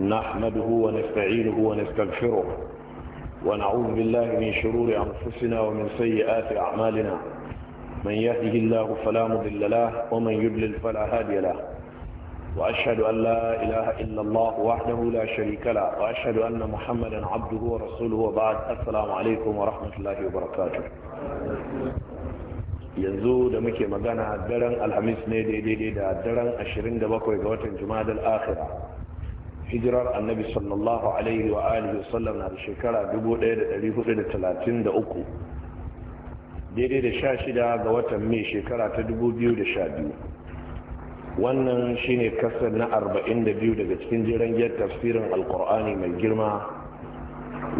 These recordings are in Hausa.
نحمده ونستعينه ونستغفره ونعوذ بالله من شرور أنفسنا ومن سيئات أعمالنا من يهده الله فلا مضل له ومن يضلل فلا هادي له وأشهد أن لا إله إلا الله وحده لا شريك له وأشهد أن محمدا عبده ورسوله وبعد السلام عليكم ورحمة الله وبركاته yanzu da muke magana daren alhamis ne daidai da daren 27 ga watan juma'adar akhira hijirar annabi sallallahu alaihi wa alihi wasallam na da shekara 1433 daidai da sha shida ga watan mai shekara ta 2012 wannan shine kasar na 42 daga cikin jirangiyar tafsirin alkur'ani mai girma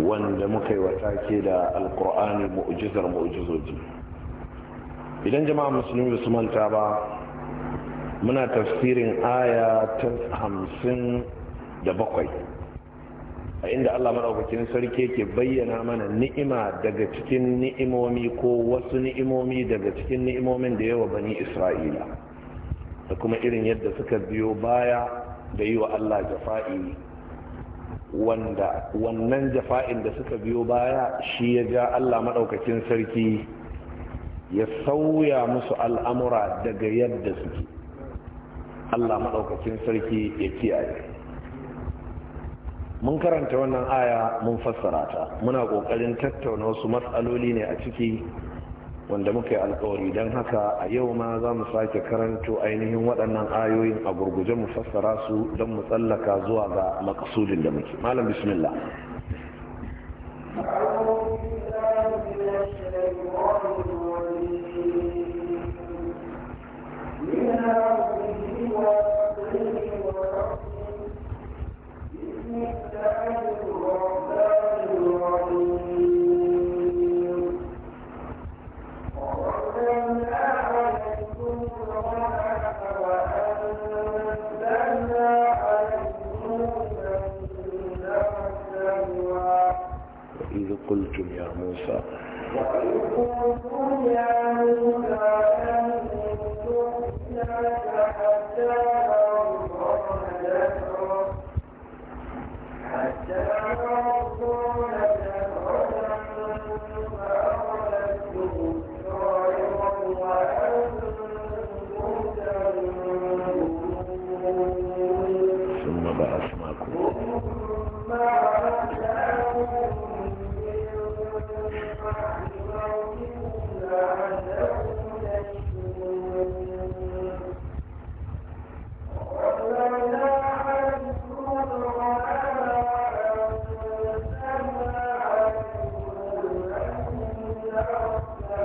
wanda muka yi wata ke da alkur'ani ma'ujizar mu'ujizoji idan jama'a musulmi su manta ba muna tafsirin aya ta hamsin da bakwai a inda Allah maɗaukacin sarki yake bayyana mana ni'ima daga cikin ni'imomi ko wasu ni'imomi daga cikin ni'imomin da yawa bani Isra'ila da kuma irin yadda suka biyo baya da yi wa Allah jafa'i wanda wannan jafa'in da suka biyo baya shi ya ja Allah maɗaukacin sarki ya sauya musu al'amura daga yadda suke Allah maɗaukakin sarki ya kiyaye mun karanta wannan aya mun fassara ta muna ƙoƙarin tattauna wasu matsaloli ne a ciki wanda muka yi alkawari don haka a yau ma za mu sake karanto ainihin waɗannan ayoyin a gurguje mu fassara su don mu tsallaka zuwa ga makasudin da muke malam bismillah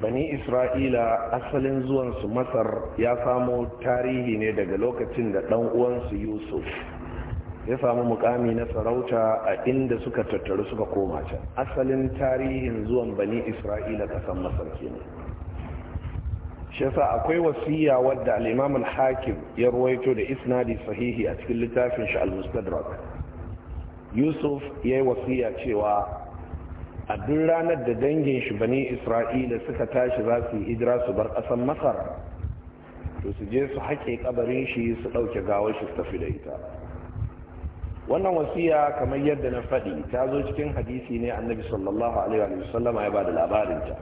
bani isra'ila asalin zuwansu masar ya samo tarihi ne daga lokacin da ɗan uwansu yusuf ya samu mukami na sarauta a inda suka tattaru suka koma can asalin tarihin zuwan bani isra'ila kasan masar kenan shi yasa akwai wasiya wadda al-imam al-hakim ya ruwaito da isnadi sahihi a cikin littafin shi al-mustadrak yusuf yayi wasiya cewa a duk ranar da dangin shi bani isra'ila suka tashi za su yi hijira su bar ƙasar masar to su je su haƙe kabarin shi su ɗauke gawar shi su tafi da ita wannan wasiya kamar yadda na faɗi ta zo cikin hadisi ne annabi sallallahu alaihi wa sallama ya bada labarinta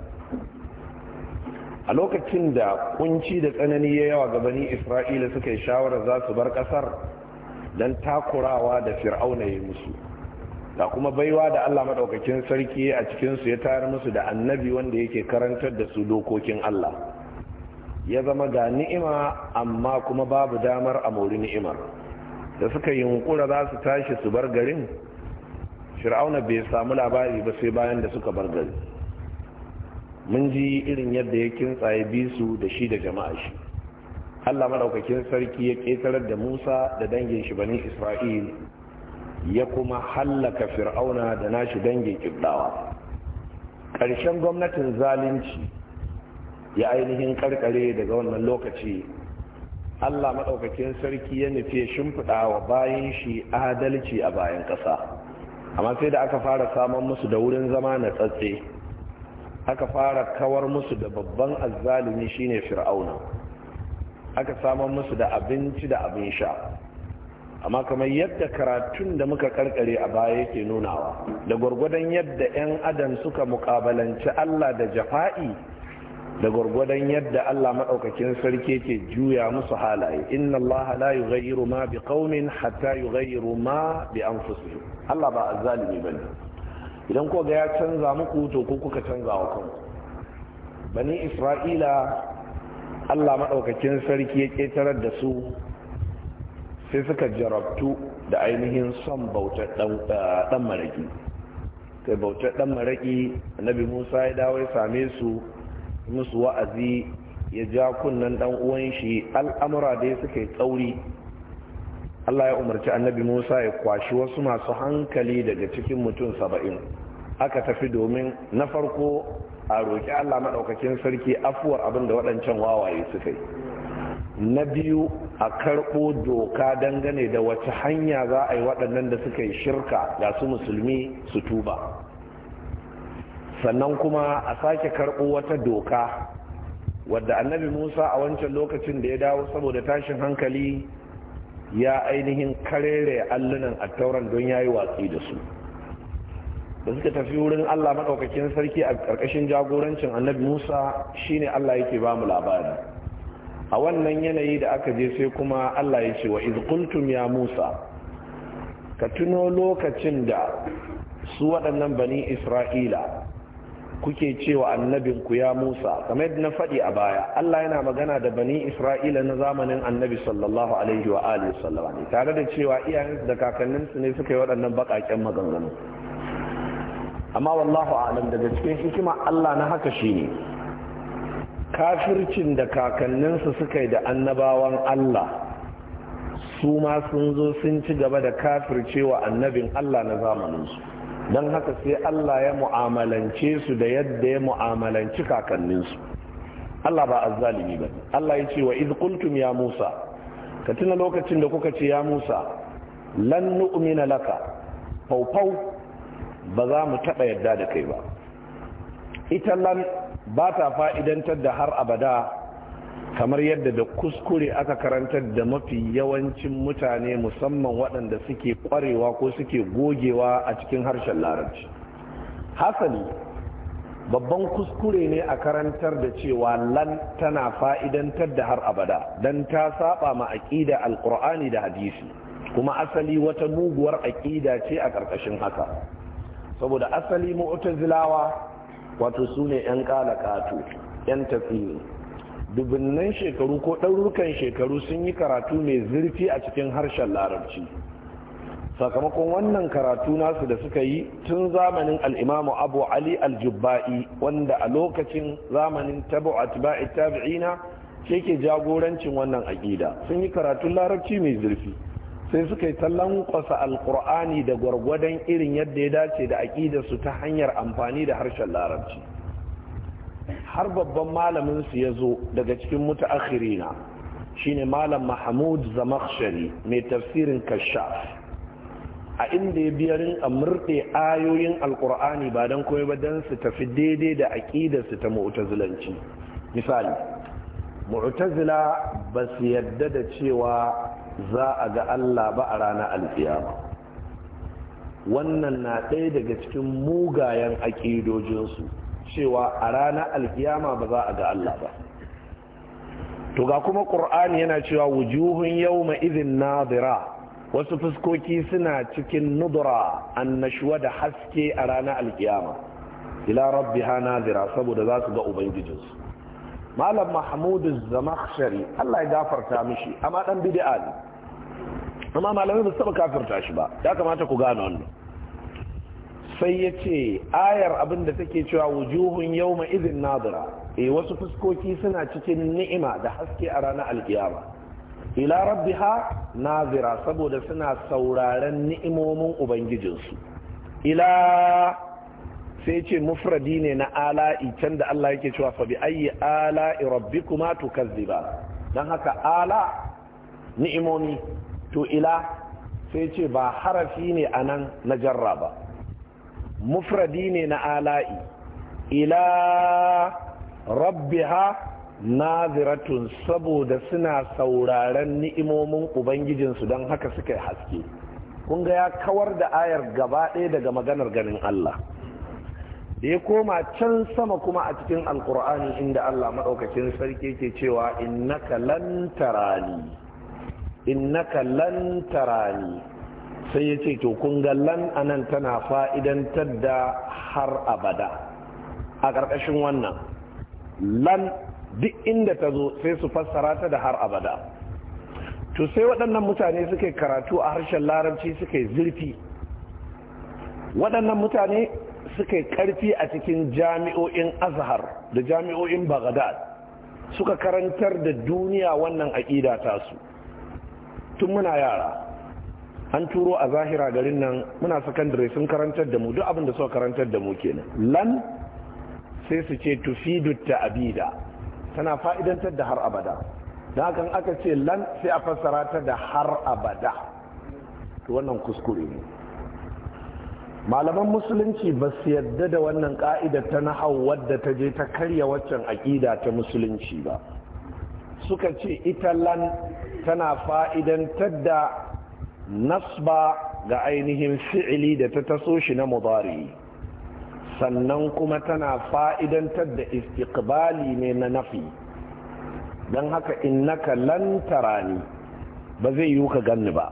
a lokacin da kunci da tsanani ya yawa ga bani isra'ila suka yi shawarar za su bar ƙasar don takurawa da fir'auna ya musu da kuma baiwa da Allah Maɗaukakin sarki a cikin su ya tayar musu da annabi wanda yake karantar da su dokokin Allah ya zama ga ni'ima amma kuma babu damar a mori ni'imar da suka yi hunkura za su tashi su bar garin fir'auna bai samu labari ba sai bayan da suka bar gari mun ji irin yadda ya kintsaye bisu da shi da jama'a shi Allah madaukakin sarki ya ƙetarar da Musa da dangin shi banin Isra'il ya kuma hallaka fir'auna da nashi dangin kiblawa ƙarshen gwamnatin zalunci ya ainihin karkare daga wannan lokaci allah maɗaukakin sarki ya nufi shimfiɗa wa bayan shi adalci a bayan ƙasa amma sai da aka fara samun musu da wurin zama na tsatse aka fara kawar musu da babban azzalumi shine fir'auna aka samun musu da abinci da abin sha amma kamar yadda karatun da muka karkare a baya yake nunawa da gwargwadon yadda 'yan adam suka mukabalanci Allah da jafa'i da gwargwadon yadda Allah maɗaukakin sarki ke juya musu halaye inna Allah la yughayyiru ma bi qaumin hatta yughayyiru ma bi anfusihim Allah ba azzalimi bane idan ko ga ya canza muku to ku kuka canza wa kanku bani Isra'ila Allah maɗaukakin sarki ya ƙetarar da su sai suka jarabtu da ainihin son bautar dan eh, maraki sai bautar dan maraki annabi musa ya dawo ya same su musu wa'azi ya ja kunnan dan uwan shi al'amura da suka yi tsauri Allah ya umarci annabi Musa ya kwashi wasu masu hankali daga cikin mutum saba'in aka tafi domin na farko a roƙi Allah maɗaukakin sarki afuwar abin da waɗancan wawaye suka yi na biyu a karɓo doka dangane da wace hanya za a yi waɗannan da suka yi shirka ga su musulmi su tuba sannan kuma a sake karɓo wata doka wadda annabi musa a wancan lokacin da ya dawo saboda tashin hankali ya ainihin karere allunan attauran don ya yi watsi da su da suka tafi wurin allah maɗaukakin sarki a ƙarƙashin jagorancin annabi musa shine allah yake ba mu labari a wannan yanayi da aka je sai kuma Allah ya ce wa izkultum ya Musa ka tuno lokacin da su waɗannan bani Isra'ila kuke cewa ku ya Musa kamar yadda na faɗi a baya Allah yana magana da bani Isra'ila na zamanin annabi sallallahu alaihi wa alihi tare da cewa iyayensu da kakanninsu ne suka yi waɗannan baƙaƙen maganganu amma wallahu a'lam daga cikin hikima Allah na haka shine kafircin da kakanninsu suka yi da annabawan Allah su ma sun zo sun ci gaba da kafircewa annabin Allah na zamaninsu don haka sai Allah ya mu'amalance su da yadda ya mu'amalanci kakanninsu Allah ba azzalimi ba Allah ya ce wa iz ya Musa ka tuna lokacin da kuka ce ya Musa lan nu'mina laka faufau ba za mu taɓa yadda da kai ba ita lan ba ta fa'idantar da har abada kamar yadda da kuskure aka karantar da mafi yawancin mutane musamman waɗanda suke ƙwarewa ko suke gogewa a cikin harshen larabci hasali babban kuskure ne a karantar da cewa lan tana fa'idantar da har abada don ta saba ma aƙida alƙur'ani da hadisi kuma asali wata muguwar aƙida ce a ƙarƙashin haka saboda asali mu'tazilawa wato su ne 'yan kalakatu 'yan tafiye dubinnan shekaru ko ɗaurukan shekaru sun yi karatu mai zurfi a cikin harshen larabci sakamakon wannan karatu nasu da suka yi tun zamanin al'imamu abu ali aljubba'i wanda a lokacin zamanin tabo a tabi'ina ke ke jagorancin wannan aƙida sun yi karatun larabci mai zurfi sai suka yi ta lankwasa alkur'ani da gwargwadon irin yadda ya dace da aƙidarsu ta hanyar amfani da harshen larabci har babban malaminsu ya zo daga cikin mutaakhirina shine malam mahmud zamakshari mai tafsirin kashaf a inda ya biya rinka murɗe ayoyin alkur'ani ba don kuma ba don su tafi daidai da aƙidarsu ta mu'tazilanci misali mu'tazila ba su yadda da cewa za a ga Allah ba a rana alkiyama wannan na ɗaya daga cikin mugayen aƙidojinsu cewa a ranar alkiyama ba za a ga Allah ba to ga kuma ƙur'ani yana cewa wujuhun yawma izin nazira wasu fuskoki suna cikin nudura annashuwa da haske a ranar alkiyama ila Rabbi ha nazira saboda za su ga ubangijinsu malam mahmudu zamakshari Allah ya gafarta mishi amma dan bid'a ne amma malamai ba su taba kafirta shi ba ya kamata ku gane wannan sai yace ayar abin da take cewa wujuhun yawma idhin nadira eh wasu fuskoki suna cikin ni'ima da haske a ranar alkiyama ila rabbiha nazira saboda suna sauraren ni'imomin ubangijinsu ila sai ce mufradi ne na ala'i can da Allah yake cewa fa bi ayyi ala'i rabbikuma tukazziba dan haka ala ni'imomi to ila sai ce ba harafi ne anan na jarra ba mufradi ne na ala'i ila rabbiha naziratun saboda suna sauraren ni'imomin ubangijinsu don haka suka haske kun ga ya kawar da ayar gaba ɗaya daga maganar ganin Allah da ya koma can sama kuma a cikin alkur'ani inda Allah maɗaukacin sarki ke cewa innaka lan tarani innaka lan tarani sai ya ce to kun ga lan anan tana fa'idantar da har abada a ƙarƙashin wannan lan duk inda ta zo sai su fassara ta da har abada to sai waɗannan mutane suke karatu a harshen larabci suke zurfi waɗannan mutane suka yi karfi a cikin jami'o'in azhar da jami'o'in baghdad suka karantar da duniya wannan aƙida su? tun muna yara an turo a zahira garin nan muna sakandare sun karantar da mu duk abin da suka karantar da mu kenan lan sai su ce tufidu abida tana fa'idantar da har abada don haka aka ce lan sai a fassara ta da har abada to wannan kuskure ne malaman musulunci ba su yadda da wannan ka'ida ta nahau wadda ta je ta karya waccan aƙida ta musulunci ba suka ce ita lan tana fa'idantar da nasba ga ainihin fi'ili da ta taso shi na mudari sannan kuma tana fa'idantar da istiqbali ne na nafi don haka innaka lan ne ba zai yiwu ka ganni ba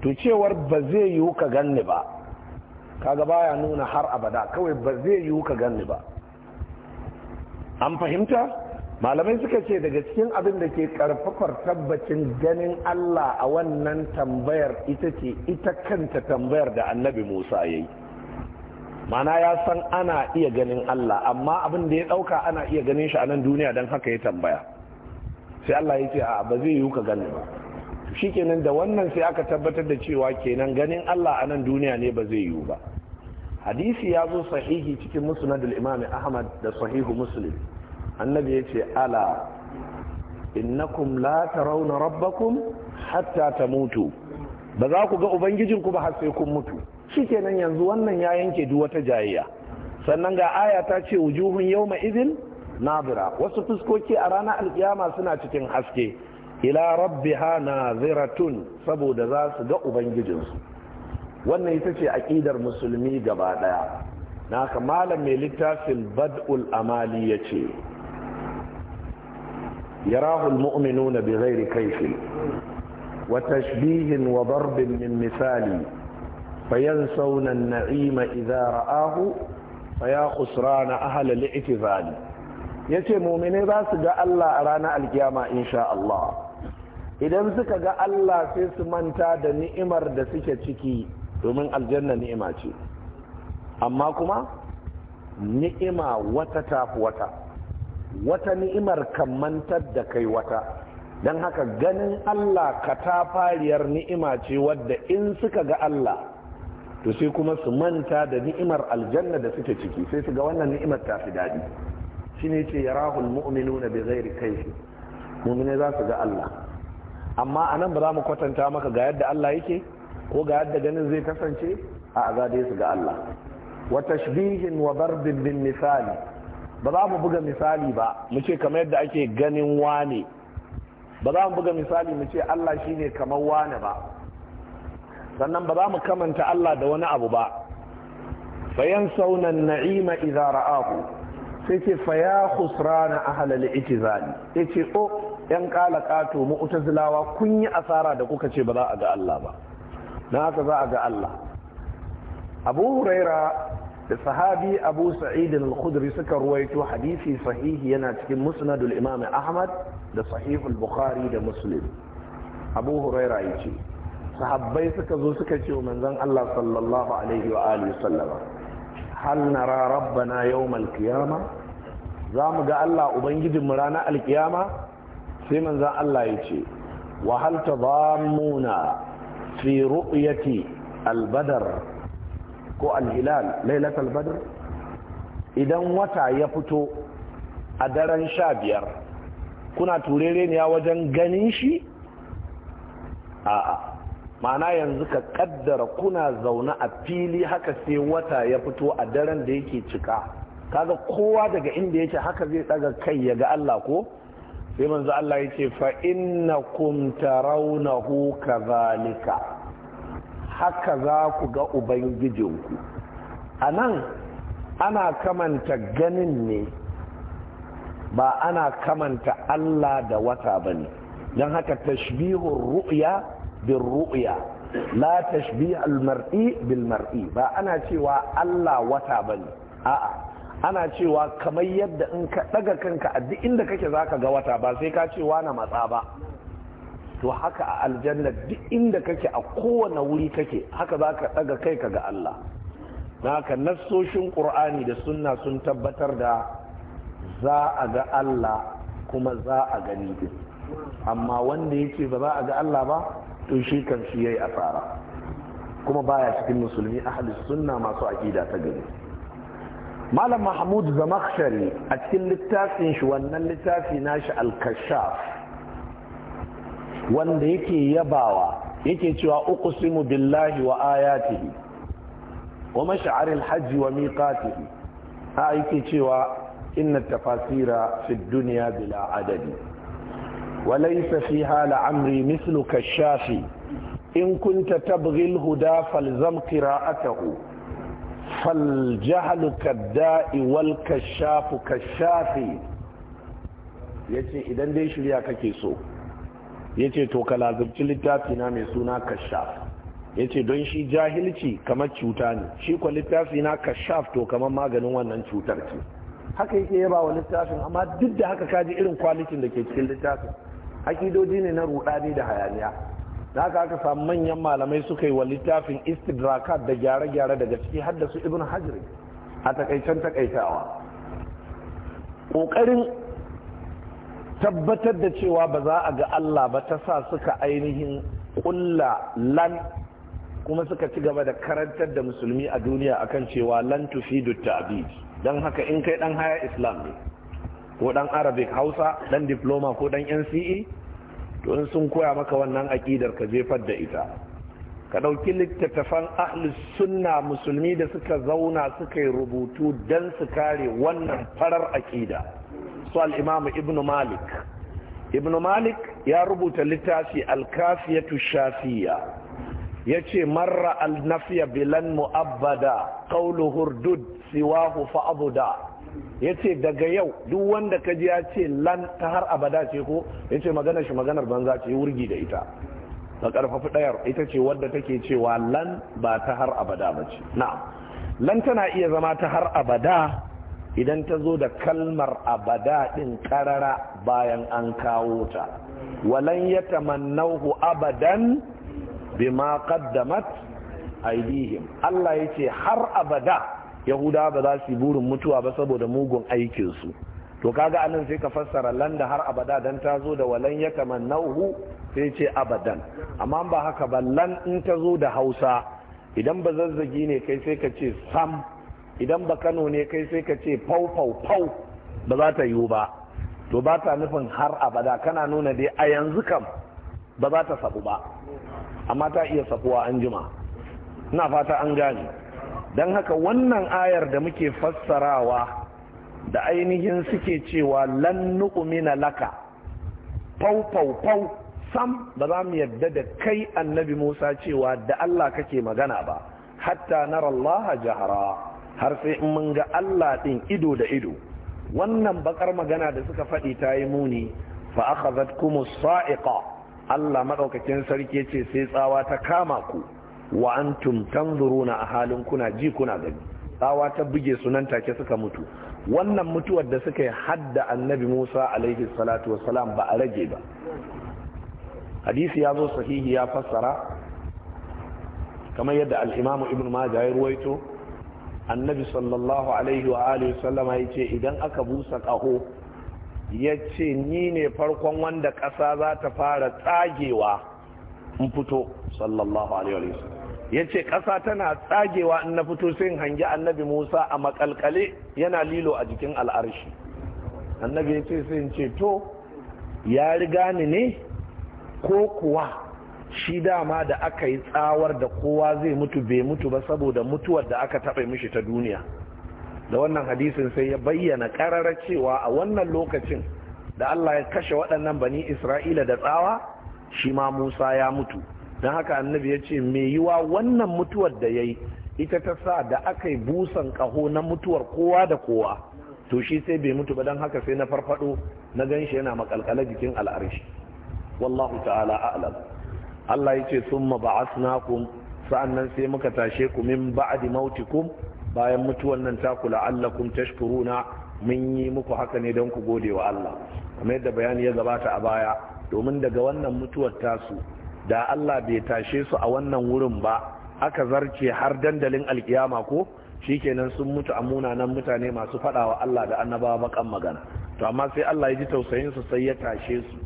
to cewar ba zai yiwu ka ganni ba kaga baya nuna har abada kawai ba zai yiwu ka ganni ba an fahimta malamai suka ce daga cikin abin da ke karfafar tabbacin ganin Allah a wannan tambayar ita ce ita kanta tambayar da annabi Musa ya yi mana ya san ana iya ganin Allah amma abin da ya ɗauka ana iya ganin shi a nan duniya don haka ya tambaya sai Allah ya ce a ba zai yiwu ka ganni ba shi kenan da wannan sai aka tabbatar da cewa kenan ganin Allah a nan duniya ne ba zai yiwu ba hadisi ya zo sahihi cikin musnadul imam ahmad da sahihu muslim annabi yace ala innakum la tarawna rabbakum hatta tamutu ba za ku ga ubangijin ku ba har sai kun mutu shikenan yanzu wannan ya yanke duk wata jayayya sannan ga aya ta ce wujuhun yawma idhin nadira wasu fuskoki a ranar alkiyama suna cikin haske ila rabbiha nadiratun saboda za su ga ubangijinsu wannan ita ce aƙidar musulmi gaba ɗaya na haka malam mai littafin bad'ul amali ya ce يراه المؤمنون بغير كيف وتشبيه وضرب من مثال فينسون النعيم إذا رآه فيا خسران أهل الاعتزال yace mumine za su ga Allah a ranar alkiyama insha Allah idan suka ga Allah sai su manta da ni'imar da suke ciki domin aljanna ni'ima ce amma kuma ni'ima wata tafi wata wata ni'imar mantar da kai wata don haka ganin Allah ka katafariyar ni'ima ce wadda in suka ga Allah to sai kuma su manta da ni'imar aljanna da suke ciki sai su ga wannan ni'imar ta fi daɗi ne ce yarahul na bezairi kai shi, mu'mine za su ga Allah amma nan ba za mu kwatanta maka ga yadda Allah yake ko ga yadda ganin zai kasance a azade su ga Allah wa tashbihin wa darbin bin misali ba za mu buga misali ba mu ce kamar yadda ake ganin wane ba za mu buga misali mu ce Allah shine kamar wane ba sannan ba za mu kamanta Allah da wani abu ba fayan saunan na'ima idza ra'ahu sai ce faya khusrana ahlal itizali yace o oh, yan kala kato mu'tazilawa kun yi asara da kuka ce ba za a ga Allah ba na haka za a ga Allah abu huraira da sahabi abu sa'id al-khudri suka ruwaito hadisi sahihi yana cikin musnadul imam ahmad da sahihul bukhari da muslim abu huraira yace sahabbai suka zo suka ce manzon Allah sallallahu alaihi wa alihi sallama hal nara rabbana al qiyama za mu ga Allah ubangijinmu ranar alkiyama sai manzon Allah yace wa hal tadammuna fi ru'yati albadar ko alhilal lailat albadar idan wata ya fito a daren sha biyar kuna turere wajen ganin shi a'a ma'ana yanzu ka ƙaddara kuna zaune a fili haka sai wata ya fito a daren da yake cika Ka ga kowa daga inda yake haka zai tsaga kai ya ga Allah ko sai manzo Allah ya ce fa innakum tarawnahu kadhalika haka za ku ga ubangijinku anan ana kamanta ganin ne ba ana kamanta Allah da wata bane don haka tashbihun ru'ya bin ru'ya la tashbih al mar'i bil mar'i ba ana cewa Allah wata bane a'a ana cewa kamar yadda in ka daga kanka a duk inda kake zaka ga wata ba sai ka ce na matsa ba to haka a aljanna duk inda kake a kowane wuri kake haka za ka daga kai ka ga Allah haka nassoshin ƙur'ani da sunna sun tabbatar da za a ga Allah kuma za a gani din amma wanda yake ba za a ga Allah ba to shi kan shi yayi asara kuma baya cikin musulmi ahli sunna masu aƙida ta gari malam mahmud zamakshari a cikin littafin shi wannan littafi nashi al-kashaf wanda yake yabawa yake cewa uqsimu billahi wa ayatihi wa mash'aril hajj wa miqatihi ha yake cewa inna tafasira fi dunya bila adadi wa laysa fiha la'amri mithlu kashafi in kunta tabghi al-huda falzam qira'atahu فالجهل كالداء والكشاف كالشافي yace idan dai shirya kake so yace to ka littafi na mai suna kashaf yace don shi jahilci kamar cuta ne shi kwa littafi na kashaf to kamar maganin wannan cutar ce haka yake yaba wa littafin amma duk da haka kaji irin kwalitin da ke cikin littafin akidoji ne na rudani da hayaniya da haka aka samu manyan malamai suka yi wa littafin istidrakat da gyare-gyare daga ciki haddasa ibn hajri a takaicen takaitawa ƙoƙarin tabbatar da cewa ba za a ga Allah ba ta sa suka ainihin ƙulla lan kuma suka ci gaba da karantar da musulmi a duniya akan cewa lan tufidu ta'bid don haka in kai dan haya islam ne ko dan arabic hausa dan diploma ko dan nce Don sun koya maka wannan aƙidar ka jefar da ita ka ɗauki littattafan ahlus sunna musulmi da suka zauna suka yi rubutu don su kare wannan farar aƙida su al'imamu ibnu malik ibnu malik ya rubuta littafi alkafiyatu shafiya ya ce marra alnafiya bilan mu'abbada qawlu hurdud siwahu fa'abuda ya ce daga yau duk wanda ka ji ya ce lan ta har abada ce ko ya ce maganar shi maganar banza ce wurgi da ita ta karfafi ɗayar ita ce wadda take cewa lan ba ta har abada ba ce na'am lan tana iya zama ta har abada idan ta zo da kalmar abada din karara bayan an kawo ta walan ya tamannahu abadan bima qaddamat aidihim Allah yace har abada yahuda ba za su yi burin mutuwa ba saboda mugun aikinsu to kaga anan sai ka fassara landa har abada dan ta zo da walan ya tamannahu sai ce abadan amma ba haka ba lan in ta zo da hausa idan ba zazzagi ne kai sai ka ce sam idan ba kano ne kai sai ka ce fau fau fau ba za ta yiwu ba to ba ta nufin har abada kana nuna dai a yanzu kam ba za ta sabu ba amma ta iya sabuwa an jima ina fata an gane don haka wannan ayar da muke fassarawa da ainihin suke cewa lan nu'mina laka fau fau fau sam ba za mu yadda da kai annabi Musa cewa da Allah kake magana ba hatta nara Allah jahara har sai in mun ga Allah din ido da ido wannan bakar magana da suka faɗi ta yi muni fa akhadhatkum saiqa Allah madaukakin sarki yace sai tsawa ta kama ku wa antum zuruna a halin kuna ji kuna gani tsawa ta buge su nan take suka mutu wannan mutuwar da suka yi hadda annabi Musa alaihi salatu wassalam ba a rage ba hadisi ya zo sahihi ya fassara kamar yadda al Ibn Majah ya ruwaito annabi sallallahu alaihi wa alihi sallama ya ce idan aka busa kaho ya ce ni ne farkon wanda ƙasa za ta fara tsagewa in fito sallallahu alaihi wa ya ce ƙasa tana tsagewa in na fito sai hangi annabi musa a makalkale yana lilo a jikin al'arshi annabi ya ce sai ce to ya riga ni ne ko kuwa shi dama da aka yi tsawar da kowa zai mutu bai mutu ba saboda mutuwar da aka taɓa mishi ta duniya da wannan hadisin sai ya bayyana ƙarara cewa a wannan lokacin da Allah ya kashe waɗannan bani Isra'ila da tsawa shi ma Musa ya mutu don haka annabi ya ce mai yiwa wannan mutuwar da ya yi ita ta sa da aka yi busan kaho na mutuwar kowa da kowa to shi sai bai mutu ba don haka sai na farfado na gan shi yana makalkala jikin al'arshi wallahu ta'ala a'lam Allah ya ce sun maba'asnakum sa'annan sai muka tashe ku min ba'adi mauti mautikum bayan mutuwar nan ta kula allah kum tashkuruna mun yi muku haka ne don ku gode wa Allah kamar yadda bayani ya gabata a baya domin daga wannan mutuwar tasu da Allah bai tashe su a wannan wurin ba aka zarce har dandalin alkiyama ko shikenan sun mutu a munanan mutane masu faɗawa Allah da annabawa bakan magana to amma sai Allah ya ji tausayin su sai ya tashe su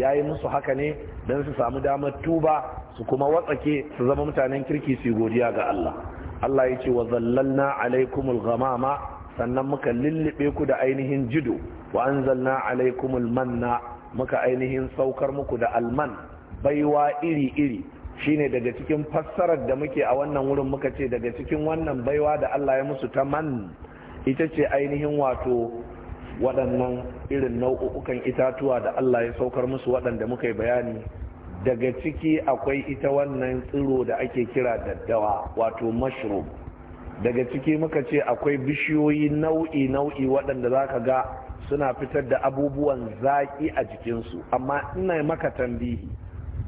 yayi musu haka ne dan su samu damar tuba su kuma watsake su zama mutanen kirki su godiya ga Allah Allah ya ce wa zallalna alaikumul ghamama sannan muka lullube ku da ainihin jido wa anzalna alaikumul manna muka ainihin saukar muku da alman baiwa iri-iri shi ne daga cikin fassarar da muke a wannan wurin muka ce daga cikin wannan baiwa da Allah ya musu ta man ita ce ainihin wato waɗannan irin nau'ukan itatuwa da Allah ya saukar musu waɗanda muka yi bayani daga ciki akwai ita wannan tsiro da ake kira daddawa wato mushroom daga ciki muka ce akwai bishiyoyi nau'i nau'i waɗanda za ka ga suna fitar da abubuwan zaƙi a jikinsu amma ina maka tambihi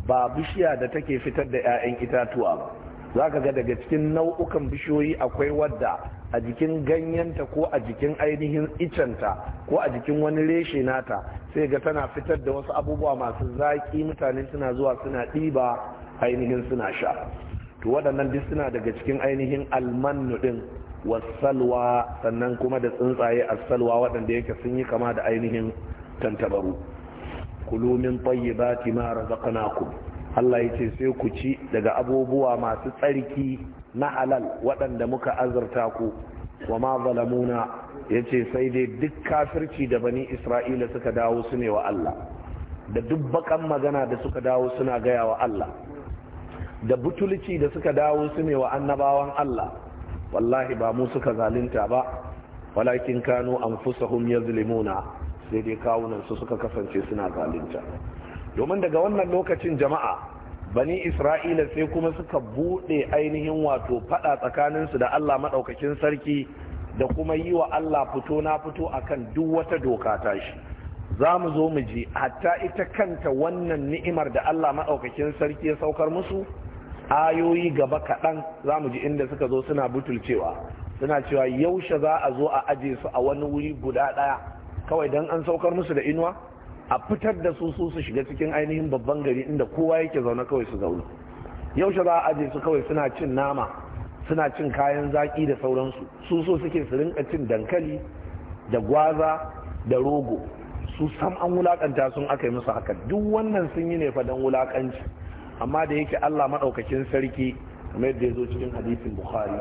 ba bishiya da take fitar da 'ya'yan itatuwa ba za ka ga daga cikin nau'ukan bishiyoyi akwai wadda a jikin ganyenta ko a jikin ainihin icenta ko a jikin wani reshe nata sai ga tana fitar da wasu abubuwa masu zaƙi mutane suna zuwa suna ɗiba ainihin suna sha to waɗannan duk suna daga cikin ainihin almanu ɗin wasalwa sannan kuma da tsuntsaye asalwa waɗanda yake sun yi kama da ainihin tantabaru kulu min tayyibati ma razaqnakum Allah yace sai ku ci daga abubuwa masu tsarki na halal waɗanda muka azurta ku wa ma zalamuna yace sai dai duk kafirci da bani Isra'ila suka dawo su ne wa Allah da duk bakan magana da suka dawo suna gaya wa Allah da butulci da suka dawo su ne wa annabawan Allah wallahi ba mu suka zalunta ba walakin kanu anfusahum yazlimuna sai dai kawunan su suka kasance suna zalunta domin daga wannan lokacin jama'a bani isra'ila sai kuma suka bude ainihin wato fada tsakaninsu da allah maɗaukakin sarki da kuma yi wa allah fito na fito akan duk wata doka ta shi za mu zo mu ji hatta ita kanta wannan ni'imar da allah maɗaukakin sarki ya saukar musu ayoyi gaba kaɗan za mu ji inda suka zo suna butulcewa suna cewa yaushe za a zo a aje su a wani wuri guda ɗaya kawai don an saukar musu da inuwa a fitar da su su su shiga cikin ainihin babban gari inda kowa yake zaune kawai su zaune yaushe za a aje su kawai suna cin nama suna cin kayan zaki da sauransu su so suke su rinka cin dankali da gwaza da rogo su sam an wulakanta sun aka yi musu haka duk wannan sun yi ne fadan wulakanci amma da yake Allah maɗaukakin sarki kamar yadda ya zo cikin hadisin bukhari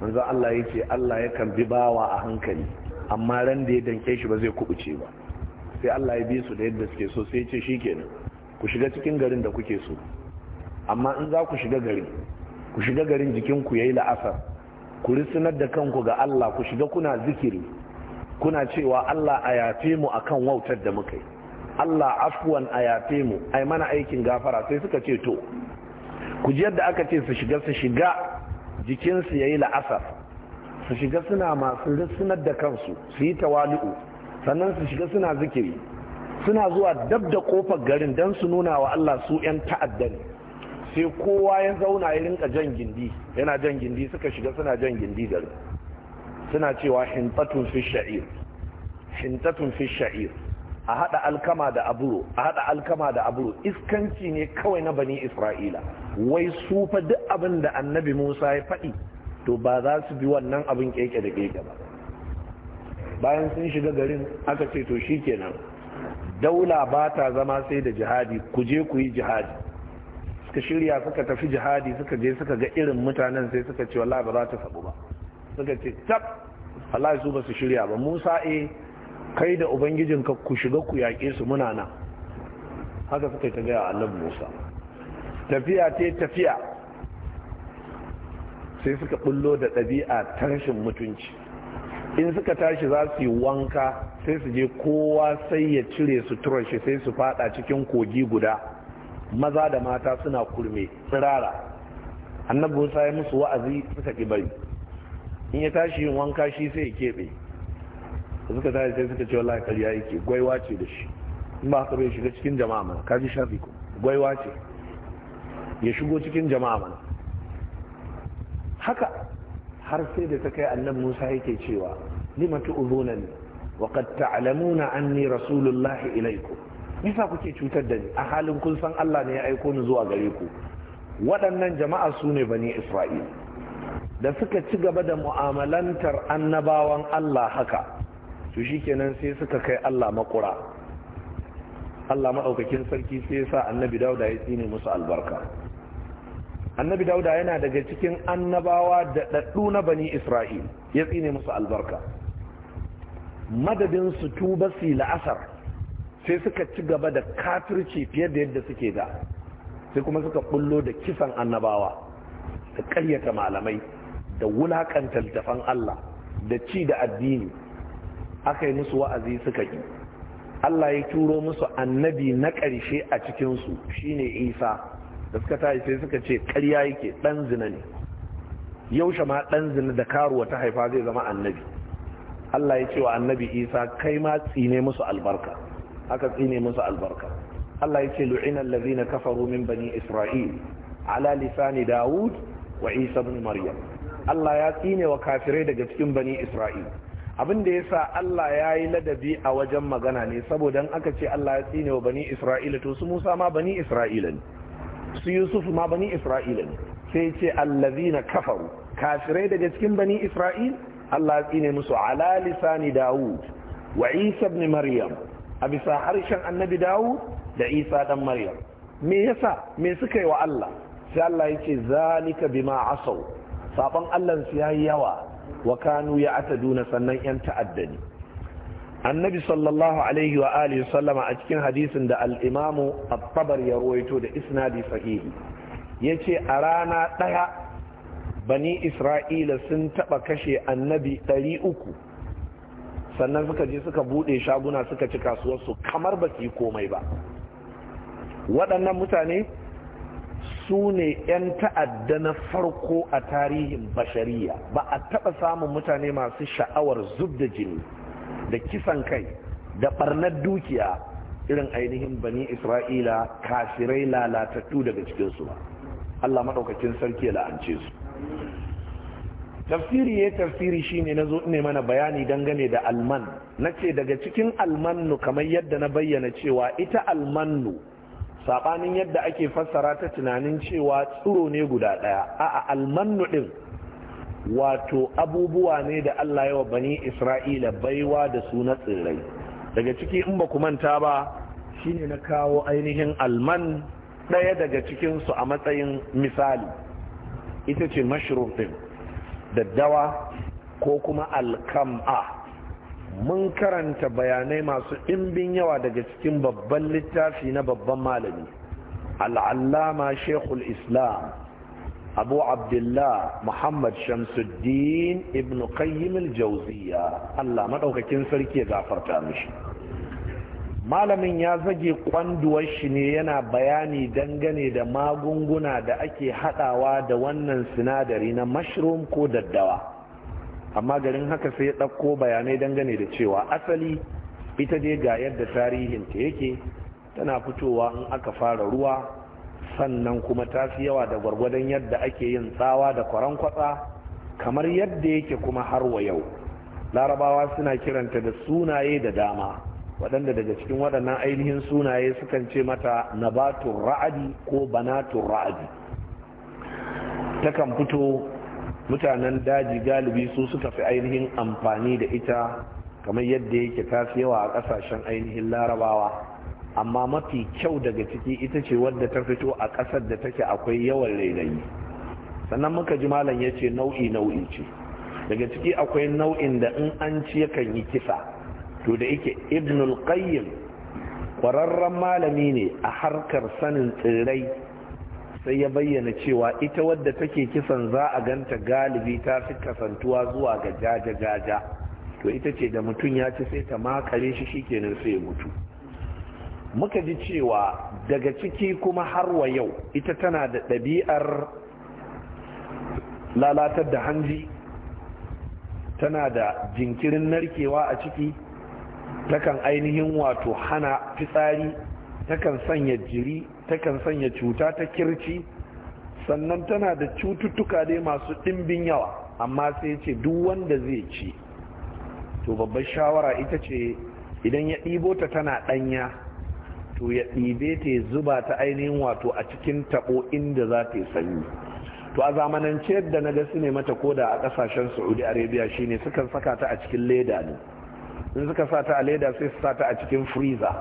manzo Allah yake Allah yakan bi bawa a hankali amma ran da ya danke shi ba zai kubuce ba sai Allah ya bi su da yadda suke so sai ce shikenan ku shiga cikin garin da kuke so amma in za ku shiga garin ku shiga garin jikin ku yayi la'asar ku risunar da kanku ga Allah ku shiga kuna zikiri kuna cewa Allah a yafe mu akan wautar da muka yi Allah afwan a yafe mu ai mana aikin gafara sai suka ce to ku ji yadda aka ce su shiga su shiga jikinsu yayi la'asar su shiga suna masu rissunar da kansu su yi tawali'u sannan su shiga suna zikiri suna zuwa dab da kofar garin don su nuna wa Allah su 'yan ta'addan. sai kowa ya zauna ya rinka jan gindi yana jan gindi suka shiga suna jan gindi garin suna cewa hintatun fi sha'ir hintatun fi sha'ir a hada alkama da aburo a hada alkama da aburo iskanci ne kawai na bani isra'ila wai su fa duk abin da annabi musa ya faɗi to ba za su bi wannan abin keke da keke ba bayan sun shiga garin aka ce to shi kenan daula ba ta zama sai da jihadi ku je ku yi jihadi suka shirya suka tafi jihadi suka je suka ga irin mutanen sai suka ce wallahi ba za ta sabu ba suka ce tab wallahi su ba su shirya ba musa e kai da ubangijinka ku shiga ku yaƙe su muna nan haka suka ta gaya allah musa tafiya ce tafiya sai suka bullo da ɗabi'a ta rashin mutunci in suka tashi za su yi wanka sai su je kowa sai ya cire su shi sai su fada cikin kogi guda maza da mata suna kurme tsirara annabu sa yi musu wa'azi suka ƙi bari in ya tashi yin wanka shi sai ya keɓe suka tashi sai suka ce wallahi yi yake gwaiwa ce da shi in ba haka bai shiga cikin jama'a mana ji shafi ko gwaiwa ce ya shigo cikin jama'a mana haka har sai da ta kai annabi Musa yake cewa lima tu'zunani wa qad ta'lamuna anni rasulullahi ilaikum nisa kuke cutar da ni a halin kun san Allah ne ya aiko ni zuwa gare ku waɗannan jama'a su ne bani Isra'il da suka ci gaba da mu'amalantar annabawan Allah haka to shikenan sai suka kai Allah makura Allah maɗaukakin sarki sai ya sa annabi dauda ya tsine musu albarka annabi dauda yana daga cikin annabawa da daddu na bani isra'il ya tsine musu albarka madadin su tuba su la'asar sai suka ci gaba da katurci fiye da yadda suke da sai kuma suka kullo da kisan annabawa da karyata malamai da wulakanta tafan Allah da ci da addini aka yi musu wa'azi suka yi. Allah ya turo musu annabi na ƙarshe a cikinsu shine Isa da suka tashi sai suka ce ƙarya yake ɗan zina ne yaushe ma ɗan zina da karuwa ta haifa zai zama annabi Allah ya ce wa annabi Isa kai ma tsine musu albarka aka tsine musu albarka Allah ya ce lu'ina na kafaru min bani Isra'il ala lisani Dawud wa Isa ibn Maryam Allah ya tsine wa kafirai daga cikin bani Isra'il abin da yasa Allah ya yi ladabi a wajen magana ne saboda aka ce Allah ya tsine wa bani Isra'ila to su Musa ma bani Isra'ila ne su yusuf ma bani isra'ila ne sai ce allazina kafaru kafirai daga cikin bani isra'il Allah ya tsine musu ala lisani daud wa isa ibn maryam a bisa harshen annabi Dawu da isa dan maryam me yasa me suka yi wa Allah sai Allah ya ce zalika bima asau saban Allah su yayi yawa wa kanu ya ataduna sannan yan ta'addani annabi sallallahu alaihi wa alihi sallama a cikin hadisin da al-imamu ya ruwaito da isnadi sahihi yace a rana ɗaya bani isra'ila sun taba kashe annabi ɗari uku sannan suka je suka buɗe shaguna suka ci kasuwarsu kamar ba su yi komai ba waɗannan mutane su ne 'yan ta'adda na farko a tarihin bashariya ba a taɓa samun mutane masu sha'awar zub da jini da kisan kai da barnar dukiya irin ainihin bani isra'ila kafirai lalatattu daga cikinsu ba allah maɗaukakin sarki ya la'ance su tafsiri ya tafsiri shine na zo ne mana bayani dangane da alman na ce daga cikin almannu kamar yadda na bayyana cewa ita almannu saɓanin yadda ake fassara ta tunanin cewa tsiro ne guda ɗaya a'a almannu ɗin wato abubuwa ne da Allah yawa bani Isra'ila baiwa da su na tsirrai daga ciki in ba ku manta ba shine na kawo ainihin alman ɗaya daga cikinsu a matsayin misali ita ce mashrufin daddawa ko kuma alkam'a mun karanta bayanai masu ɗimbin yawa daga cikin babban littafi na babban malami al'allama shekul islam abu abdullah muhammad shamsuddin ibn qayyim al Allah madaukakin sarki ya gafarta mishi malamin ya zage kwanduwar shi ne yana bayani dangane da magunguna da ake haɗawa da wannan sinadari na mashrum ko daddawa amma garin haka sai ya ɗauko bayanai dangane da cewa asali ita dai ga yadda tarihinta yake tana fitowa in aka fara ruwa sannan kuma ta fi yawa da gwargwadon yadda ake yin tsawa da kwatsa kamar yadda yake kuma har wa yau larabawa suna kiranta da sunaye da dama waɗanda daga cikin waɗannan ainihin sunaye sukan ce mata na nabatun ra'adi ko banatun ra'adi takan fito mutanen daji galibi su suka fi ainihin amfani da ita kamar yadda yake tafi yawa a ƙasashen ainihin larabawa amma mafi kyau daga ciki ita ce wadda ta fito a ƙasar da take akwai yawan rairayi sannan muka ji malam ya ce nau'i nau'i ce daga ciki akwai nau'in da in an ci yakan yi kisa to da yake ibnul qayyim kwararren malami ne a harkar sanin tsirrai sai ya bayyana cewa ita wadda take kisan za a ganta galibi ta fi kasantuwa zuwa ga jaja-jaja to ita ce da mutum ya ci sai ta makare shi shikenan sai ya mutu muka ji cewa daga ciki kuma har wa yau ita tana da ɗabi'ar lalatar da hanji tana da jinkirin narkewa a ciki takan ainihin wato hana fitsari takan sanya jiri takan sanya cuta ta kirci sannan tana da cututtuka dai masu ɗimbin yawa amma sai ce duk wanda zai ci to babbar shawara ita ce idan ya ɗibo ta tana ɗanya to ya ɗibe ta ya zuba ta ainihin wato a cikin taɓo inda za ta yi sanyi to a zamanance da na ga su ne mata koda a ƙasashen saudi arabia shine sukan saka ta a cikin leda ne in suka sa ta a leda sai su sa ta a cikin freezer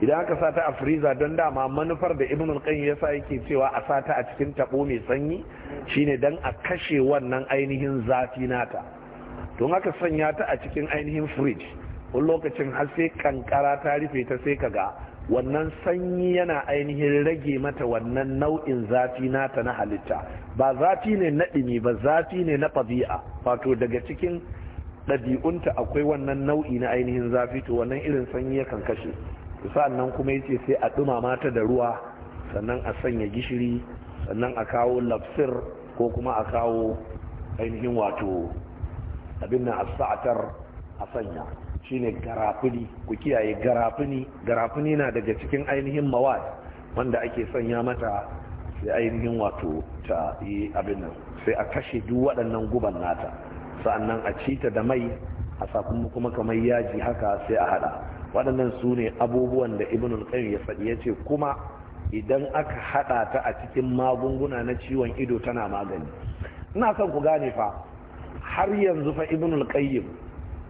idan aka sa ta a freezer don dama manufar da ibn al ya sa yake cewa a sa ta a cikin tabo mai sanyi shine dan a kashe wannan ainihin zafi nata don haka sanya ta a cikin ainihin fridge wani lokacin har sai kankara ta rufe ta sai kaga wannan sanyi yana ainihin rage mata wannan nau'in zafi nata na halitta ba zafi ne na ɗumi ba zafi ne na ɗabi'a wato daga cikin ɗabi'unta akwai wannan nau'i na ainihin zafi to wannan irin sanyi ya kan kashe nan kuma yace sai a ɗumama ta da ruwa sannan a sanya gishiri sannan a kawo lafsir ko kuma a kawo ainihin wato abin nan a sa'atar a sanya shine garafuni ku kiyaye garafuni garafuni na daga cikin ainihin mawad wanda ake sanya mata sai ainihin wato ta yi abin nan sai a kashe duk waɗannan guban nata sa'annan a cita da mai a sakon kuma kamar yaji haka sai a hada waɗannan su ne abubuwan da ibn al-qayyim ya faɗi ya ce kuma idan aka hada ta a cikin magunguna na ciwon ido tana magani ina son ku gane fa har yanzu fa ibn al-qayyim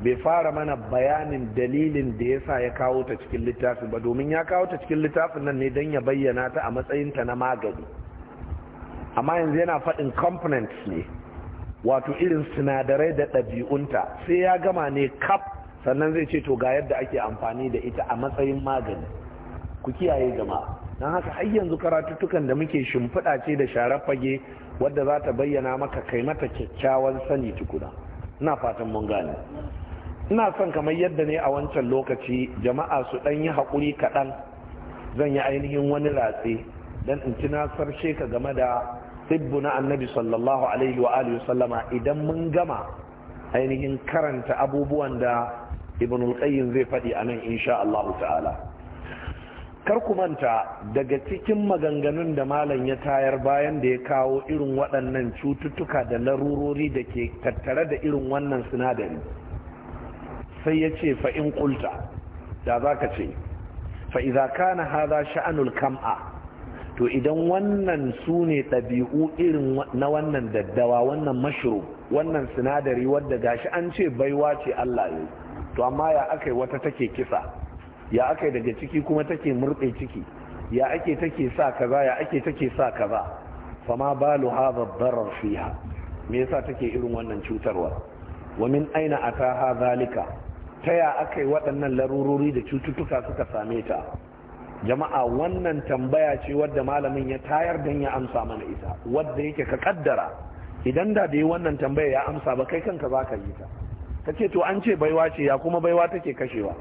bai fara mana bayanin dalilin da ya sa ya kawo ta cikin littafin ba domin ya kawo ta cikin littafin nan ne don ya bayyana ta a matsayinta na magani amma yanzu yana faɗin components ne wato irin sinadarai da ɗabi'unta sai ya gama ne kaf sannan zai ce to ga yadda ake amfani da ita a matsayin magani ku kiyaye jama'a don haka har yanzu karatuttukan da muke shimfiɗa ce da sharar fage wadda za ta bayyana maka kai mata kyakkyawan sani tukuna ina fatan mun gane ina son kamar yadda ne a wancan lokaci jama'a su ɗan yi haƙuri kaɗan zan yi ainihin wani ratse don in ci nasar sheka game da sibbu na annabi sallallahu alaihi wa alihi sallama idan mun gama ainihin karanta abubuwan da ibn al zai faɗi a nan insha Allah ta'ala kar ku manta daga cikin maganganun da malam ya tayar bayan da ya kawo irin waɗannan cututtuka da larurori da ke tattare da irin wannan sinadari sai ya ce fa'in ƙulta da za ka ce fa'iza kana haza sha'anul kam'a to idan wannan su ne ɗabi'u irin na wannan daddawa wannan mashuru wannan sinadari wadda ga shi an ce baiwa ce Allah ya to amma ya aka yi wata take kisa ya aka yi daga ciki kuma take murɗe ciki ya ake take sa kaza ya ake take sa kaza ma balu haza barar fiha me yasa take irin wannan cutarwa wa min aina ataha zalika ta ya aka yi waɗannan larurori da cututtuka suka same ta jama'a wannan tambaya ce wadda malamin ya tayar don ya amsa mana ita wadda yake ka kaddara idan da bai wannan tambaya ya amsa ba kai kanka za ka yi ta ka ce to an ce baiwa ce ya kuma baiwa take kashewa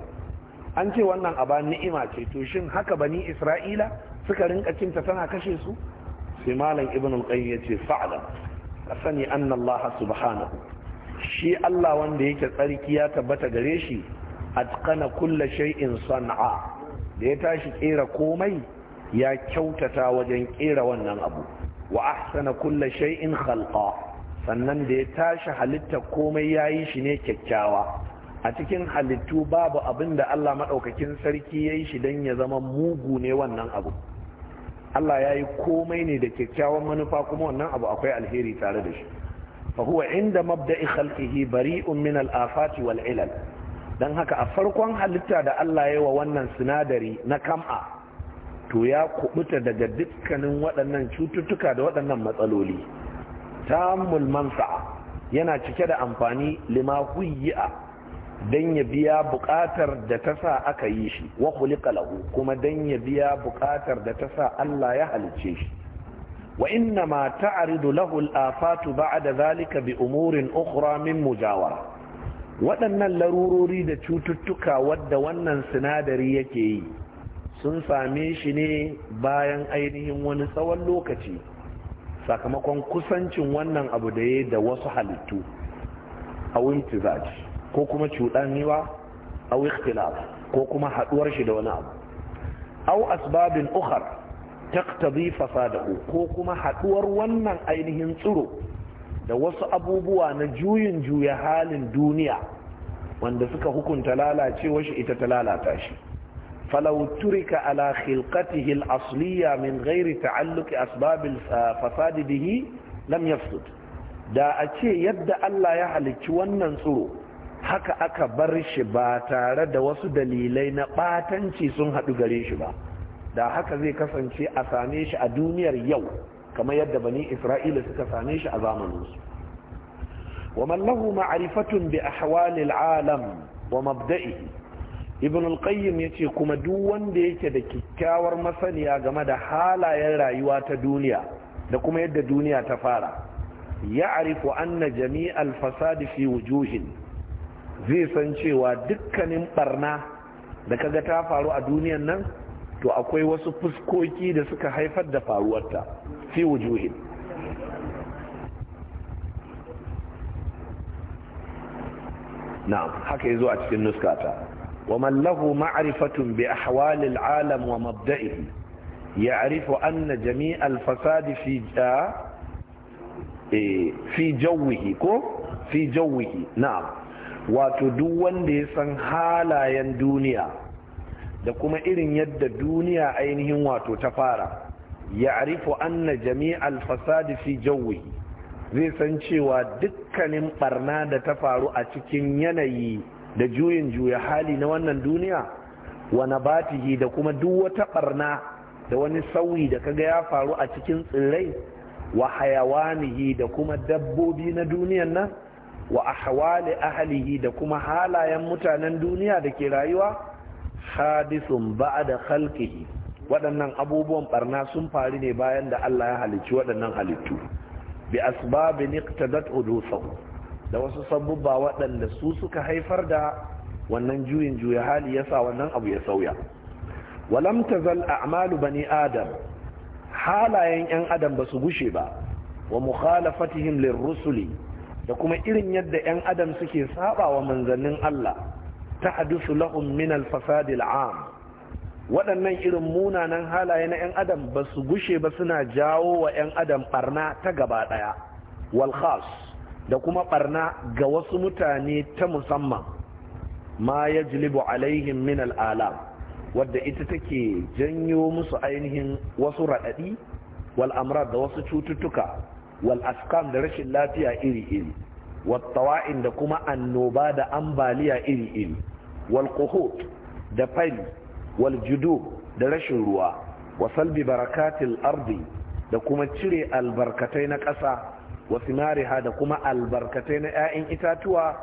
an ce wannan ba ni'ima ce to shin haka bani isra'ila suka rinka cinta tana kashe su sai malam ibn al-qayyim ya ce fa'ala sani anna allaha subhanahu shi Allah wanda yake tsarki ya tabbata gare shi atqana kulla shay'in san'a da ya tashi kera komai ya kyautata wajen kera wannan abu wa ahsana kulla shay'in khalqa sannan da ya tashi halitta komai yayi shi ne kyakkyawa a cikin halittu babu abinda da Allah madaukakin sarki yayi shi dan ya zama mugu ne wannan abu Allah ya yi komai ne da kyakkyawan manufa kuma wannan abu akwai alheri tare da shi fa inda mabda'i khalqihi bari'un min al-afati wal ilal dan haka a farkon halitta da Allah ya yi wa wannan sinadari na kam'a to ya kubuta daga dukkanin waɗannan cututtuka da waɗannan matsaloli tamul manfa'a yana cike da amfani lima huyi'a dan ya biya buƙatar da ta sa aka yi shi wa khuliqa kuma dan ya biya buƙatar da ta sa Allah ya halice shi وإنما تعرض له الآفات بعد ذلك بأمور أخرى من مجاورة waɗannan larurori da cututtuka wadda wannan sinadari yake yi sun same shi ne bayan ainihin wani tsawon lokaci sakamakon kusancin wannan abu da ya da wasu halittu a wintizaj ko kuma cuɗaniwa a wiktilaf ko kuma haɗuwar shi da wani abu au asbabin ukhar taqtadi fasadahu ko kuma haduwar wannan ainihin tsiro da wasu abubuwa na juyin juya halin duniya wanda suka hukunta lalacewar shi ita ta lalata shi falau turika ala khilqatihi al-asliya min ghairi ta'alluqi asbabil al ah, bihi lam yafsud da a ce yadda Allah ya halicci wannan tsiro haka aka bar shi ba tare da wasu dalilai na batanci sun haɗu gare shi ba da haka zai kasance a same shi a duniyar yau kamar yadda bani isra'ila suka same shi a zamaninsu wa mallahu ma'arifatun bi ahwalil alam wa mabda'i ibn al-qayyim yace kuma duk wanda yake da kyakkyawar masaniya game da halayen rayuwa ta duniya da kuma yadda duniya ta fara ya'rifu anna jami'al fasadi fi wujuhin zai san cewa dukkanin barna da kaga ta faru a duniyar nan to akwai wasu fuskoki da suka haifar da faruwarta fi wujuhin na haka yi a cikin nuskata wa mallahu ma'arifatun bi ahwalil alam wa mabda'ihi ya arifu anna jami'al fasadi fi ja e ko fi jawwihi na wato duk wanda ya san halayen duniya da kuma irin yadda duniya ainihin wato ta fara ya arifu anna jami'al fasadi fi jawi zai san cewa dukkanin barna da ta faru a cikin yanayi da juyin juya hali na wannan duniya wa nabatihi da kuma duk wata barna da wani sauyi da kaga ya faru a cikin tsirrai wa hayawanihi da kuma dabbobi na duniyan nan wa ahwali ahalihi da kuma halayen mutanen duniya da ke rayuwa hadisun da khalqihi waɗannan abubuwan barna sun faru ne bayan da Allah ya halicci waɗannan halittu bi asbabin iqtadat udusahu da wasu sabubba waɗanda su suka haifar da wannan juyin juya hali yasa wannan abu ya sauya walam tazal a'malu bani adam halayen yan adam ba su gushe ba wa mukhalafatihim lirrusuli da kuma irin yadda yan adam suke saba wa manzannin Allah tahdusu lahum min al-fasad waɗannan irin munanan halaye na 'yan adam ba su gushe ba suna jawo wa 'yan adam barna ta gaba ɗaya wal khas da kuma barna ga wasu mutane ta musamman ma ya jilibu alaihim min al'alam wadda ita take janyo musu ainihin wasu raɗaɗi wal amra da wasu cututtuka wal askam da rashin lafiya iri-iri wattawa'in da kuma annoba da ambaliya iri-iri wal da fari wal da rashin ruwa wa salbi barakatil ardi da kuma cire albarkatai na ƙasa wa simariha da kuma albarkatai na 'ya'yan itatuwa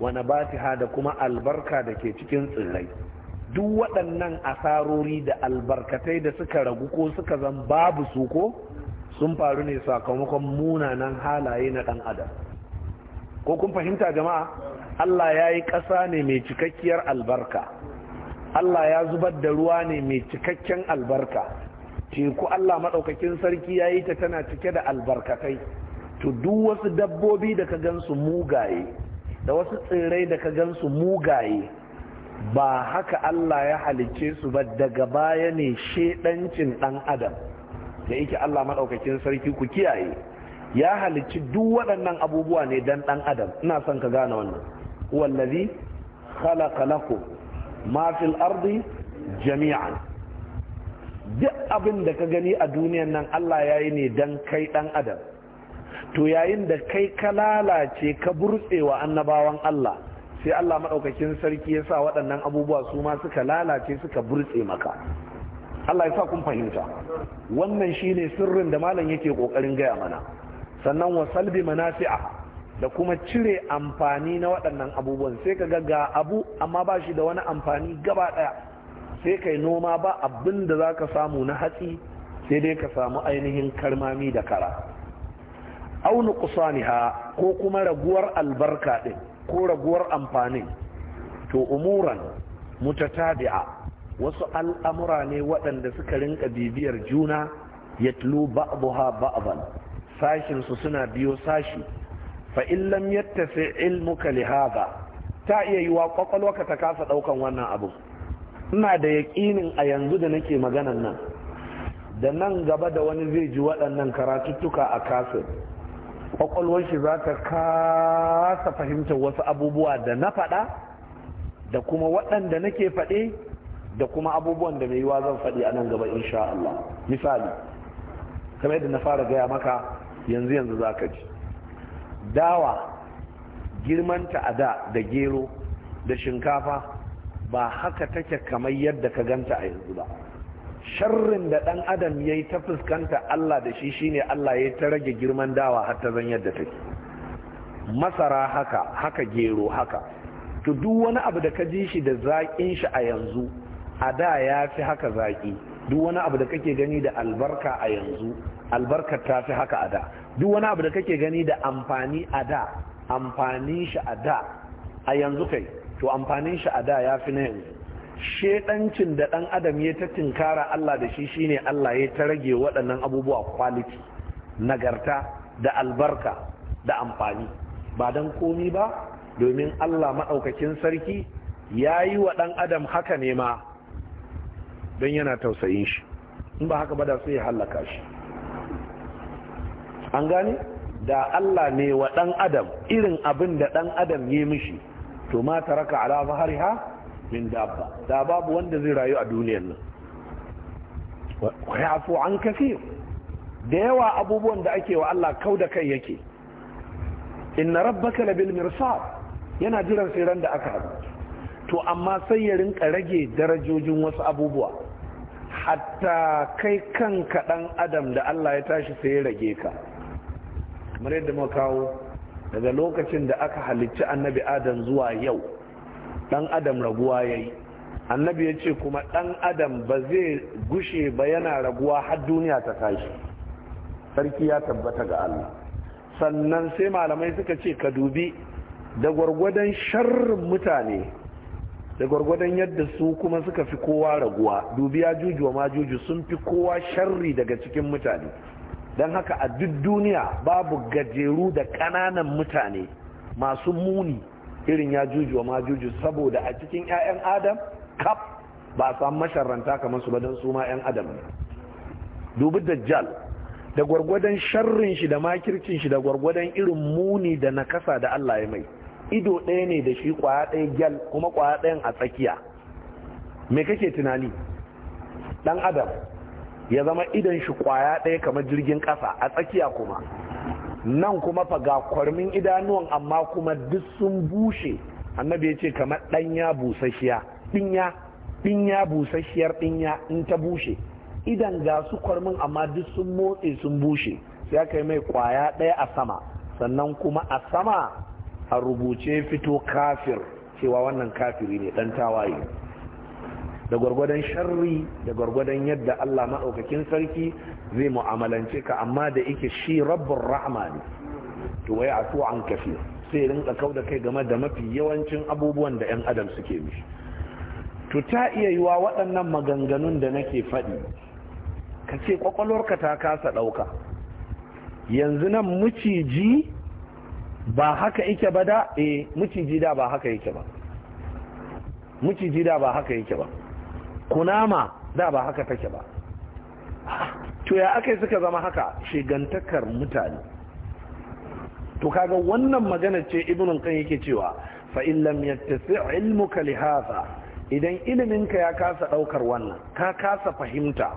wa nabatiha da kuma albarka da ke cikin tsirrai duk waɗannan asarori da albarkatai da suka ragu ko suka zan babu su ko sun faru ne sakamakon munanan halaye na ɗan adam ko kun fahimta jama'a Allah ya yi ƙasa ne mai cikakkiyar albarka Allah ya zubar da ruwa ne mai cikakken albarka teku Allah maɗaukakin sarki ya yi ta tana cike da albarkatai to duk wasu dabbobi da ka gansu mugaye da wasu tsirrai da ka gansu mugaye ba haka Allah ya halicce su ba daga baya ne shedancin ɗan adam da yake Allah maɗaukakin sarki ku kiyaye ya halicci duk waɗannan abubuwa ne dan ɗan adam ina son ka gane wannan wallazi khalaqa lakum ma fil ardi jami'an duk abin da ka gani a duniyan nan Allah ya yi ne dan kai ɗan adam to yayin da kai ka lalace ka burtsewa annabawan Allah sai Allah maɗaukakin sarki ya sa waɗannan abubuwa su ma suka lalace suka burtse maka Allah ya sa kun fahimta wannan shine sirrin da malam yake ƙoƙarin gaya mana sannan wa salbi manafi'a da kuma cire amfani na waɗannan abubuwan sai ka ga abu amma ba shi da wani amfani gaba ɗaya sai kai noma ba abin da za ka samu na hatsi sai dai ka samu ainihin karmami da kara aunu kusaniha ko kuma raguwar albarka ɗin ko raguwar amfanin to umuran mutatabi'a wasu al'amura ne waɗanda suka rinka bibiyar juna ya tulu ha ba'aban su suna biyo sashi fa illam yattafi ilmuka li ta iya yiwa kwakwalwarka ta kasa ɗaukan wannan abu ina da yaƙinin a yanzu da nake maganan nan da nan gaba da wani zai ji waɗannan karatuttuka a kasir kwakwalwar shi za ta kasa fahimtar wasu abubuwa da na faɗa da kuma waɗanda nake faɗe da kuma abubuwan da mai yiwa zan faɗi a nan gaba insha Allah misali kamar yadda na fara gaya maka yanzu yanzu za ka ji dawa girmanta a da da gero da shinkafa ba haka take kamar yadda ka ganta a yanzu ba sharrin da ɗan adam ya yi ta fuskanta Allah da shi shine Allah ya ta rage girman dawa har ta zan yadda take masara haka haka gero haka to duk wani abu da ka ji shi da zaƙin shi a yanzu a da ya fi haka zaƙi duk wani abu da kake gani da albarka a yanzu albarkar ta fi haka a da duk wani abu da kake gani da amfani a da amfanin shi a da a yanzu kai to amfanin shi a da ya fi na yanzu shedancin da dan adam ya ta tinkara Allah da shi shine Allah ya ta rage waɗannan abubuwa quality nagarta da albarka da amfani ba dan komi ba domin Allah maɗaukakin sarki ya yi wa ɗan adam haka ne ma don yana tausayin shi in ba haka ba da sai ya hallaka shi an gani da Allah ne wa ɗan adam irin abin da ɗan adam ya mishi to ma taraka ala zahariha min dabba da babu wanda zai rayu a duniyar nan wa yafu an kafir da yawa abubuwan da ake wa Allah kau da kai yake inna rabbaka labil mirsad yana jiran sai da aka haɗu to amma sai ya rinka rage darajojin wasu abubuwa hatta kai kanka dan adam da Allah ya tashi sai ya rage ka kamar yadda muka kawo daga lokacin da aka halicci annabi adam zuwa yau ɗan adam raguwa yayi annabi ya ce kuma ɗan adam ba zai gushe ba yana raguwa har duniya ta tashi sarki ya tabbata ga Allah sannan sai malamai suka ce ka dubi da gwargwadon sharrin mutane da gwargwadon yadda su kuma suka fi kowa raguwa dubi ya juju wa majuju sun fi kowa sharri daga cikin mutane don haka a duk duniya babu gajeru da ƙananan mutane masu muni irin ya juju wa majuju saboda a cikin 'ya'yan adam kaf ba samu masharanta kamar su ba don su ma 'yan adam ne dubi dajjal da gwargwadon sharrin shi da makircin shi da gwargwadon irin muni da nakasa da allah ya mai ido ɗaya ne da shi kwaya ɗaya gyal kuma kwaya ɗayan a tsakiya me kake tunani ɗan adam ya zama idon shi kwaya ɗaya kamar jirgin ƙasa a tsakiya kuma nan kuma fa ga kwarmin idanuwan amma kuma duk sun bushe annabi ya ce kamar ɗanya busasshiya ɗinya ɗinya busasshiyar ɗinya in ta bushe idan ga su kwarmin amma duk sun motse sun bushe sai aka yi mai kwaya ɗaya a sama sannan kuma a sama a rubuce fito kafir cewa wannan kafiri ne dan tawaye da gwargwadon sharri da gwargwadon yadda Allah maɗaukakin sarki zai mu'amalance ka amma da yake shi rabbul rahama ne to wai a an kafi sai rinka kau da kai game da mafi yawancin abubuwan da 'yan adam suke mishi to ta iya yiwa waɗannan maganganun da nake faɗi ka ce kwakwalwarka ta kasa ɗauka yanzu nan muciji. ba haka yake ba da eh miciji da ba haka yake ba miciji da ba haka yake ba kunama da ba haka take ba to ya akai suka zama haka shigantakar mutane to kaga wannan magana ce ibnu kan yake cewa fa in lam yattasi ilmuka li hadha idan iliminka ya kasa daukar wannan ka kasa fahimta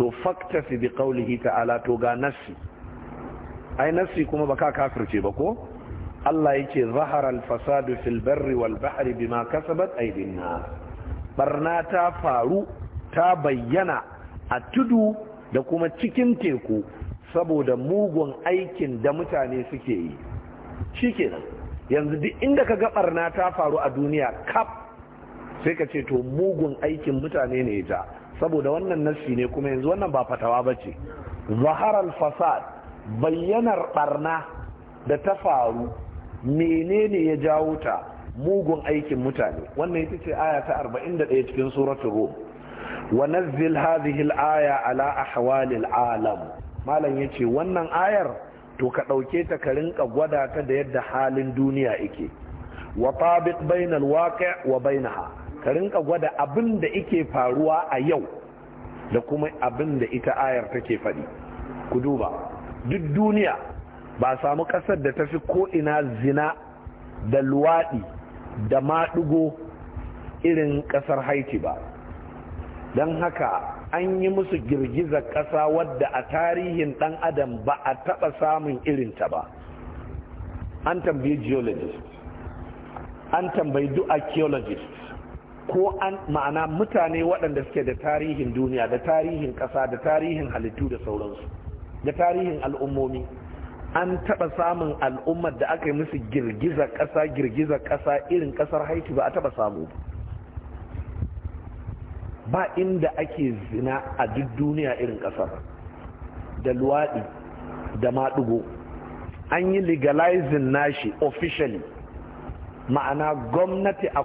to faktafi bi qawlihi ta'ala to ga nassi ai nassi kuma baka kafirce ba ko Allah yake ce fasadu fil barri wal bahri bima kasabat aydin nas barna ta faru ta bayyana a tudu da kuma cikin teku saboda mugun aikin da mutane suke yi shikenan yanzu duk inda kaga ga barna ta faru a duniya kaf sai ka ce to mugun aikin mutane ne ta saboda wannan nasi ne kuma yanzu wannan ba fatawa bace zahara fasad bayyanar barna da ta faru menene ya jawo ta mugun aikin mutane wannan ita ce aya ta 41 cikin suratul rum wa nazzil hadhihi al-aya ala ahwali al-alam malam yace wannan ayar to ka dauke ta ka rinka gwada ta da yadda halin duniya yake wa tabiq bayna al-waqi' wa baynaha ka rinka gwada abin da yake faruwa a yau da kuma abin da ita ayar take faɗi ku duba duk duniya ba samu ƙasar da ta fi ko'ina zina da luwaɗi da maɗigo irin ƙasar haiti ba don haka an yi musu girgiza ƙasa wadda a tarihin ɗan adam ba a taɓa samun irinta ba an tambayi geologist an tambayi duk archaeologist ko an ma'ana mutane waɗanda suke da tarihin duniya da tarihin ƙasa da tarihin halittu da sauransu da tarihin al'ummomi an taɓa samun al'ummar da aka yi musu girgiza ƙasa girgiza ƙasa irin ƙasar haiti ba a taɓa samu ba inda ake zina a duk duniya irin ƙasar da luwaɗi da maɗugo an yi legalizing nashi officially ma'ana gwamnati a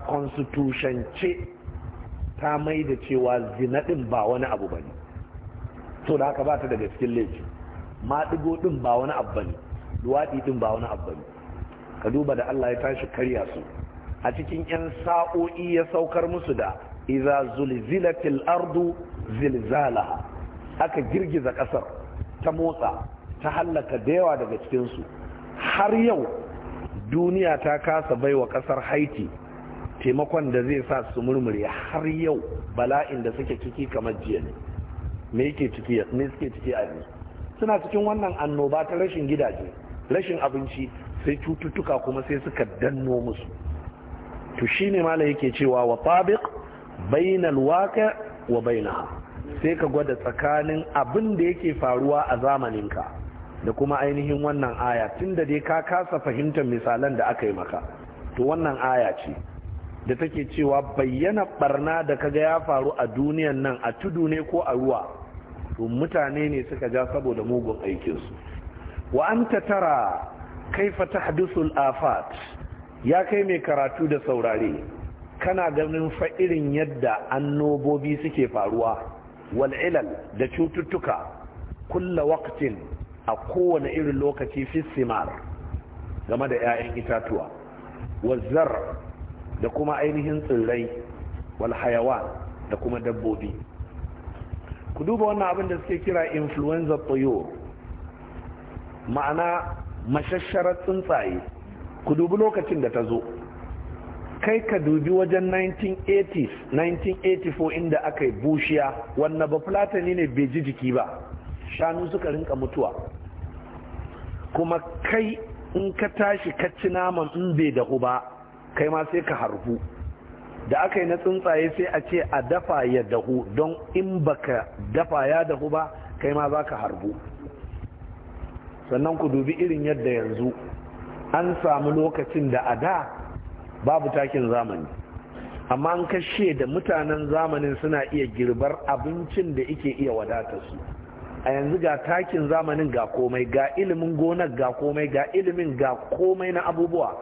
ce ta mai da cewa zina ɗin ba wani abu ba ne to da haka ba ta daga cikin laifi maɗigo ɗin ba wani abu ne ɗin ba wani abu ka duba da Allah ya tashi karya su a cikin 'yan sa'o'i ya saukar musu da iza zulzilatil ardu zilzalaha aka girgiza ƙasar ta motsa ta hallaka da yawa daga cikinsu har yau duniya ta kasa baiwa ƙasar haiti taimakon da zai sa su murmure har yau bala'in da suke ciki kamar jiya ne me yake suke ciki a yanzu suna cikin wannan annoba ta rashin gidaje rashin abinci sai cututtuka kuma sai suka danno musu to shi ne mala yake cewa wa tabiq bainal waqi' wa bainaha sai ka gwada tsakanin abin da yake faruwa a zamaninka da kuma ainihin wannan aya tunda dai ka kasa fahimtar misalan da aka yi maka to wannan aya ce da take cewa bayyana barna da kaga ya faru a duniyan nan a tudu ne ko a ruwa to mutane ne suka ja saboda mugun aikinsu wa an ta tara kaifa Tahdusul afat ya kai mai karatu da saurare kana ganin fa irin yadda annobobi suke faruwa wal'ilal da cututtuka kulla waqtin a kowane irin lokaci fisimar game da 'ya'yan itatuwa wazzar da kuma ainihin tsirrai wal hayawan da kuma dabbobi ku duba wannan abin da suke kira influenza tsoyo ma'ana mashasharar tsuntsaye ku dubi lokacin da ta zo kai ka dubi wajen 1980s 1984 inda aka yi bushiya wannan ba platani ne bai ji jiki ba shanu suka rinka mutuwa kuma kai in ka tashi ka ci naman in bai dahu ba kai ma sai ka harbu da aka yi na tsuntsaye sai a ce a dafa ya dahu don in baka dafa ya dahu ba kai ma za ka harbu sannan ku dubi irin yadda yanzu an samu lokacin da a da babu takin zamani amma an kashe da mutanen zamanin suna iya girbar abincin da ike iya wadata su a yanzu ga takin zamanin ga komai ga ilimin gonar ga komai ga ilimin ga komai na abubuwa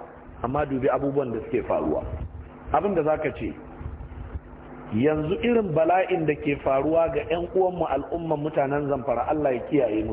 amma dubi abubuwan da suke faruwa abinda za ka ce yanzu irin bala'in da ke faruwa ga 'yan uwanmu al'umman mutanen zamfara Allah ya kiyaye mu